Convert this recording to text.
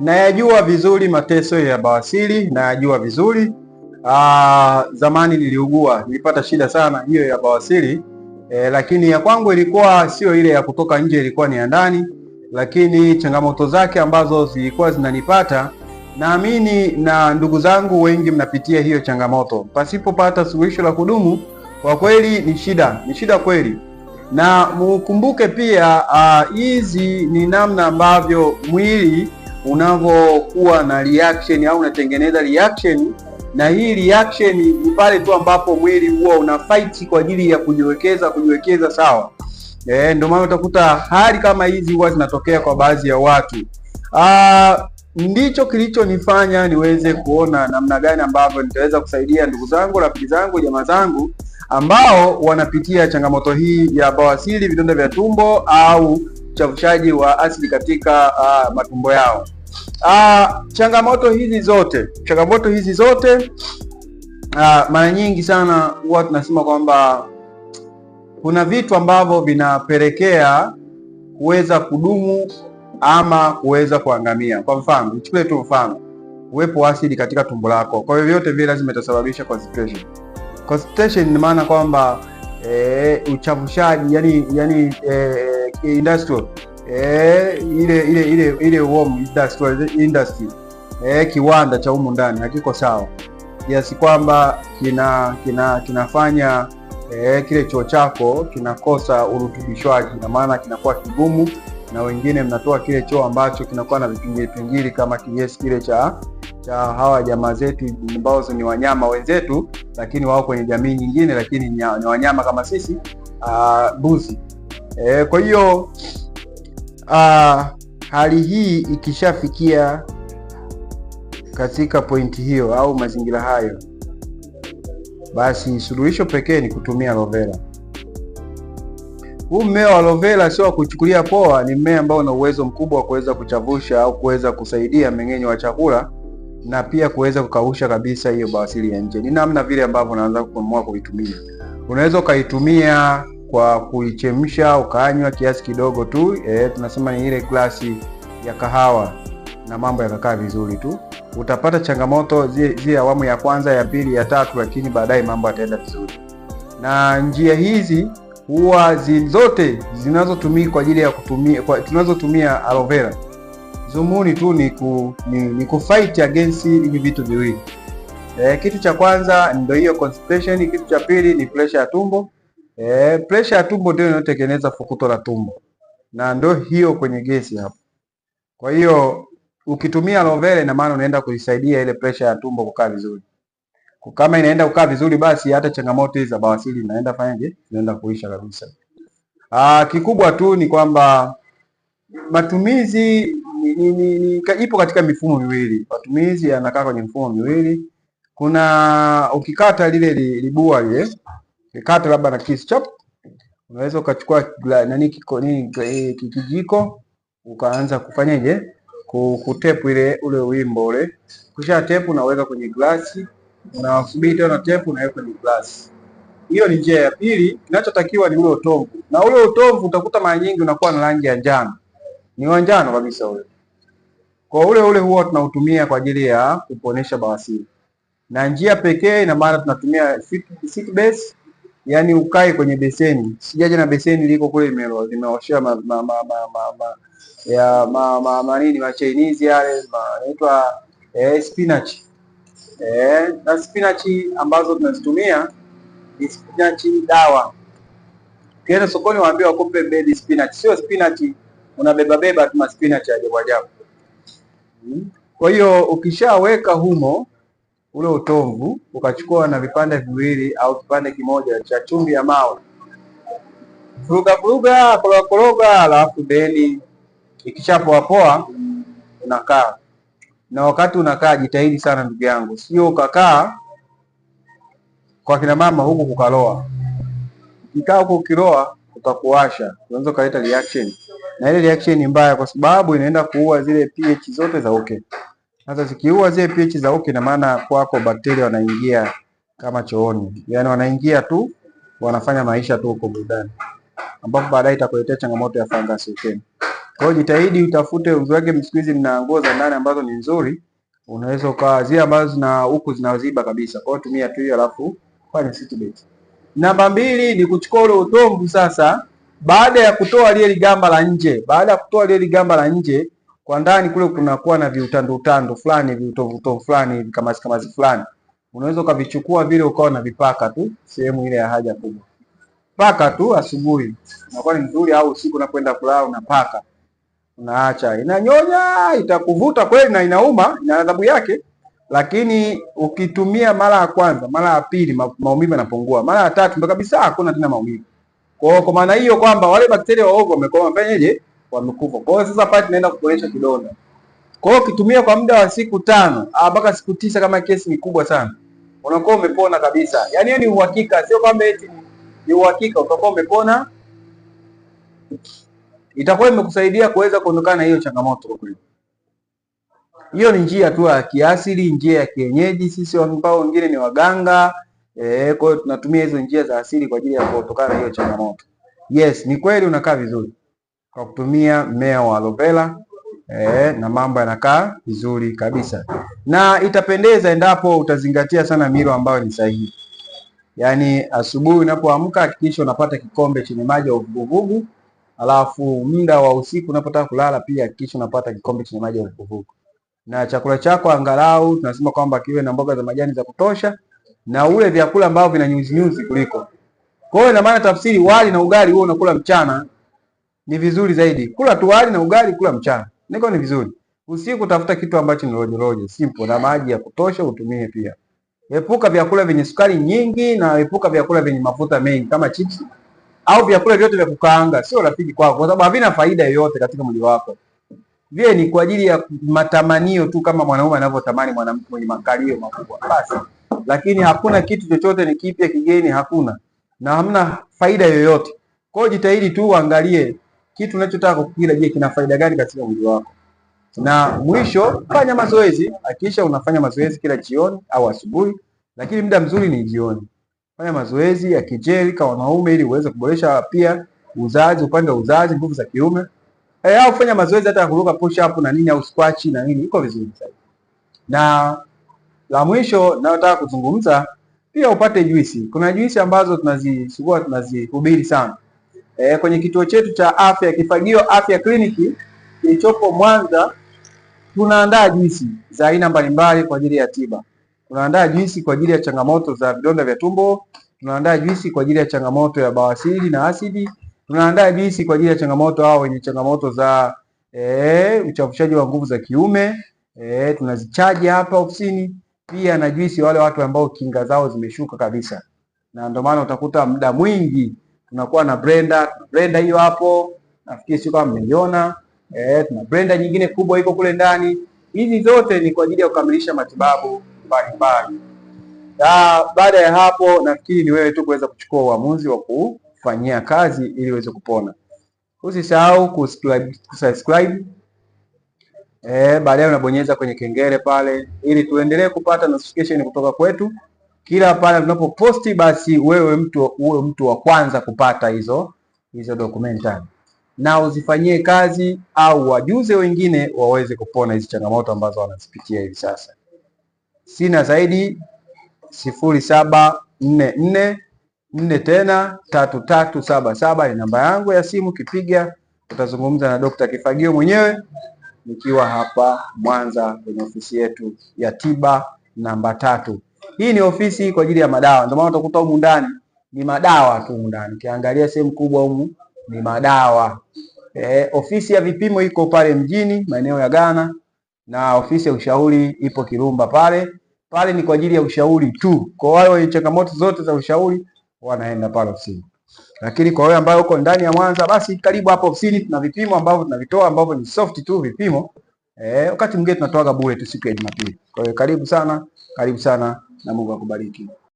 nayajua vizuri mateso ya bawasiri, nayajua vizuri aa, zamani niliugua, nilipata shida sana hiyo ya bawasiri e, lakini ya kwangu ilikuwa sio ile ya kutoka nje, ilikuwa ni ya ndani, lakini changamoto zake ambazo zilikuwa zinanipata naamini na ndugu zangu wengi mnapitia hiyo changamoto. Pasipopata suluhisho la kudumu, kwa kweli ni shida, ni shida kweli. Na mukumbuke pia hizi uh, ni namna ambavyo mwili unavyokuwa na reaction au unatengeneza reaction, na hii reaction ni pale tu ambapo mwili huwa una fight kwa ajili ya kujiwekeza kujiwekeza sawa. eh. ndio maana utakuta hali kama hizi huwa zinatokea kwa baadhi ya watu. Aa, ah, ndicho kilichonifanya niweze kuona namna gani ambavyo nitaweza kusaidia ndugu zangu, rafiki zangu, jamaa zangu ambao wanapitia changamoto hii ya bawasiri, vidonda vya tumbo au uchavushaji wa asidi katika uh, matumbo yao. Uh, changamoto hizi zote changamoto hizi zote uh, mara nyingi sana huwa tunasema kwamba kuna vitu ambavyo vinapelekea kuweza kudumu ama kuweza kuangamia. Kwa mfano, nichukue tu mfano, uwepo wa asidi katika tumbo lako. Kwa hiyo vyote vile lazima itasababisha constipation. Constipation ni maana kwamba e, uchavushaji yani, yani e, industrial Eh, ile ile ile ile warm industry, industry eh, kiwanda cha humu ndani hakiko sawa kiasi kwamba kina kina kinafanya eh, kile choo chako kinakosa urutubishwaji, na maana kinakuwa kigumu, na wengine mnatoa kile choo ambacho kinakuwa na vipingili pingili kama kinyesi kile cha cha hawa jamaa zetu ambao ni wanyama wenzetu, lakini wao kwenye jamii nyingine, lakini ni wanyama kama sisi, ah, mbuzi. E, kwa hiyo uh, hali hii ikishafikia katika pointi hiyo au mazingira hayo, basi suluhisho pekee ni kutumia aloe vera. Huu mmea wa aloe vera sio wa kuchukulia poa, ni mmea ambao una uwezo mkubwa wa kuweza kuchavusha au kuweza kusaidia mmeng'enyo wa chakula na pia kuweza kukausha kabisa hiyo bawasiri ya nje. Ni namna vile ambavyo unaanza kuamua kuitumia. Unaweza ukaitumia kwa kuichemsha ukanywa kiasi kidogo tu e, tunasema ni ile glasi ya kahawa na mambo yakakaa vizuri tu. Utapata changamoto zile awamu ya kwanza, ya pili, ya tatu, lakini baadaye mambo yataenda vizuri. Na njia hizi huwa zote zinazotumika kwa ajili ya kutumia kwa, tunazotumia aloe vera zumuni tu ni, ku, ni, ni kufight against hivi vitu viwili e, kitu cha kwanza ndio hiyo constipation, kitu cha pili ni pressure ya tumbo E, eh, presha ya tumbo ndio inayotengeneza fukuto la tumbo na ndio hiyo kwenye gesi hapo. Kwa hiyo ukitumia Lovele na maana unaenda kuisaidia ile presha ya tumbo kukaa vizuri. Kama inaenda kukaa vizuri, basi hata changamoto hizi za bawasiri inaenda fanyaje, inaenda kuisha kabisa. Ah, kikubwa tu ni kwamba matumizi ni, ni, ni, ni, ipo katika mifumo miwili, matumizi yanakaa kwenye mifumo miwili. Kuna ukikata lile libua li, li lile nikate labda na kischop, unaweza ukachukua nani kiko nini eh, kijiko ukaanza kufanyaje kutepu ile ule wimbo ule. Kisha tepu unaweka kwenye glasi, unasubiri tena tepu unaweka kwenye glasi. Hiyo ni njia ya pili. Kinachotakiwa ni ule utovu, na ule utovu utakuta mara nyingi unakuwa na rangi ya njano, ni wa njano kabisa ule. Kwa ule ule huwa tunautumia kwa ajili ya kuponesha bawasiri, na njia pekee ina maana tunatumia sit base yani ukae kwenye beseni. Sijaje na beseni liko kule limewashia ma, ma, ma, ma, ma, ya ma, ma, ma, nini ma Chinese yale naitwa eh, spinach eh, na spinach ambazo tunazitumia ni spinach dawa. Ukienda sokoni waambie wakupe mbedi spinach, sio spinach unabeba beba tu ma spinach ajabu ajabu. Hmm? Kwa hiyo ukishaweka humo ule utovu, ukachukua na vipande viwili au kipande kimoja cha chumvi ya mawe, vuruga vuruga, koroga koroga, alafu deni ikishapoapoa unakaa. Na wakati unakaa, jitahidi sana ndugu yangu, sio ukakaa kwa kina mama huku kukaloa. Ukikaa huku ukiloa utakuwasha, unaweza ukaleta reaction, na ile reaction ni mbaya, kwa sababu inaenda kuua zile pH zote za uke. Sasa zikiua zile pH za uki, ina maana kwako bakteria wanaingia kama chooni, yaani wanaingia tu wanafanya maisha tu huko burudani, ambapo baadaye itakuletea changamoto ya fangasi ukeni. Kwa hiyo jitahidi utafute uziwage, siku hizi mna nguo za ndani ambazo ni nzuri, unaweza ukawa zile ambazo zina huku zinaziba kabisa. Kwa hiyo tumia tu hiyo, alafu fanya sitibeti. Namba mbili ni kuchukua ule utomvu sasa, baada ya kutoa lile gamba la nje, baada ya kutoa lile gamba la nje kwa ndani kule kunakuwa na viutando utando fulani viutovu utovu fulani hivi kama kama fulani, unaweza ukavichukua vile ukawa na vipaka tu sehemu ile ya haja kubwa. Paka tu asubuhi unakuwa ni mzuri, au usiku unapoenda kulala unapaka, unaacha, inanyonya, itakuvuta kweli na inauma, ina adhabu yake, lakini ukitumia mara ya kwanza, mara ya pili, maumivu yanapungua, mara ya tatu ndo kabisa hakuna tena maumivu. Kwa kwa maana hiyo kwamba wale bakteria waovu wamekoma, fanyaje wamekufa. Kwa hiyo sasa pale tunaenda kuporesha kidonda. Kwa hiyo ukitumia kwa muda wa siku tano au ah, mpaka siku tisa kama kesi ni kubwa sana, unakuwa umepona kabisa. Yaani hiyo ni uhakika, sio kwamba eti ni uhakika, utakuwa umepona. Itakuwa imekusaidia kuweza kuondokana na hiyo changamoto kwa kweli. Hiyo ni njia tu ya kiasili, njia ya kienyeji, sisi ambao wengine ni waganga eh, kwa hiyo tunatumia hizo njia za asili kwa ajili ya kuondokana na hiyo changamoto. Yes, ni kweli unakaa vizuri kwa kutumia mmea wa aloe vera e, na mambo yanakaa vizuri kabisa, na itapendeza endapo utazingatia sana milo ambayo ni sahihi. Yaani asubuhi unapoamka hakikisha unapata kikombe chenye maji ya uvuguvugu, alafu muda wa usiku unapotaka kulala pia hakikisha unapata kikombe chenye maji ya uvuguvugu, na chakula chako angalau tunasema kwamba kiwe na mboga za majani za kutosha na ule vyakula ambavyo vina nyuzi nyuzi kuliko. Kwa hiyo ina maana tafsiri wali na ugali huo unakula mchana ni vizuri zaidi. Kula tu wali na ugali, kula mchana, niko ni vizuri. Usiku tafuta kitu ambacho ni rojo rojo, simple na maji ya kutosha utumie pia. Epuka vyakula vyenye sukari nyingi na epuka vyakula vyenye mafuta mengi kama chips au vyakula vyote vya kukaanga, sio rafiki kwako, kwa sababu havina faida yoyote katika mwili wako. Vile ni kwa ajili ya matamanio tu, kama mwanaume anavyotamani mwanamke mwenye makalio makubwa basi, lakini hakuna kitu chochote ni kipya kigeni, hakuna na hamna faida yoyote. Kwa hiyo jitahidi tu uangalie kitu unachotaka kukila, je, kina faida gani katika mwili wako? Na mwisho, fanya mazoezi, hakikisha unafanya mazoezi kila jioni au asubuhi, lakini muda mzuri ni jioni. Fanya mazoezi ya kijeli kwa wanaume ili uweze kuboresha pia uzazi, upande wa uzazi, nguvu za kiume. E, au fanya mazoezi hata kuruka push up na nini au squat na nini, iko vizuri sana. Na la mwisho nataka kuzungumza pia upate juisi. Kuna juisi ambazo tunazisugua tunazihubiri sana eh, kwenye kituo chetu cha afya Kifagio Afya Kliniki kilichopo Mwanza, tunaandaa juisi za aina mbalimbali kwa ajili ya tiba. Tunaandaa juisi kwa ajili ya changamoto za vidonda vya tumbo, tunaandaa juisi kwa ajili ya changamoto ya bawasiri na asidi, tunaandaa juisi kwa ajili ya changamoto au wenye changamoto za e, eh, uchafushaji wa nguvu za kiume e, tunazichaji hapa ofisini pia na juisi wale watu ambao kinga zao zimeshuka kabisa, na ndio maana utakuta muda mwingi tunakuwa na Brenda, tuna hiyo hapo, nafikiri sio kama mmeiona eh, tuna Brenda nyingine kubwa iko kule ndani. Hizi zote ni kwa ajili ya kukamilisha matibabu mbalimbali. Baada ya hapo, nafikiri ni wewe tu kuweza kuchukua uamuzi wa kufanyia kazi ili uweze kupona. Usisahau kusubscribe, kusubscribe. Eh, baadaye unabonyeza kwenye kengele pale ili tuendelee kupata notification kutoka kwetu kila pale posti basi wewe mtu uwe mtu wa kwanza kupata hizo hizo documentary na uzifanyie kazi au wajuze wengine waweze kupona hizi changamoto ambazo wanazipitia hivi sasa. Sina zaidi, sifuri saba nne nne nne tena tatu tatu saba saba ni namba yangu ya simu. Kipiga utazungumza na Dr. Kifagio mwenyewe nikiwa hapa Mwanza kwenye ofisi yetu ya tiba namba tatu. Hii ni ofisi kwa ajili ya madawa, ndio maana utakuta humu ndani ni madawa tu humu ndani. Ukiangalia sehemu kubwa humu ni madawa. Eh, ofisi ya vipimo iko pale mjini maeneo ya Ghana na ofisi ya ushauri ipo Kirumba pale. Pale ni kwa ajili ya ushauri tu. Kwa wale wenye changamoto zote za ushauri wanaenda pale ofisini. Lakini kwa wale ambao uko ndani ya Mwanza basi karibu hapo ofisini tuna vipimo ambavyo tunavitoa ambavyo ni soft tu vipimo. Eh, wakati mwingine tunatoaga bure tu siku ya Jumapili. Kwa hiyo karibu sana, karibu sana na Mungu akubariki.